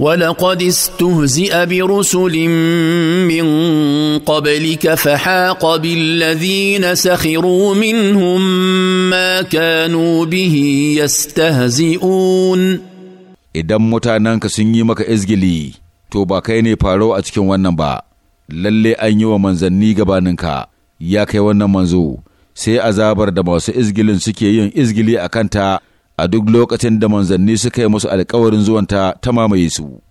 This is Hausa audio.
ولقد استهزئ برسل من قبلك فحاق بالذين سخروا منهم ما كانوا به يستهزئون idan mutanenka sun yi maka izgili to ba kai ne faro a cikin wannan ba lalle an yi wa manzanni gabaninka ya kai wannan manzo sai azabar da masu izgilin suke yin izgili a kanta a duk lokacin da manzanni suka yi musu alkawarin zuwanta ta mamaye su.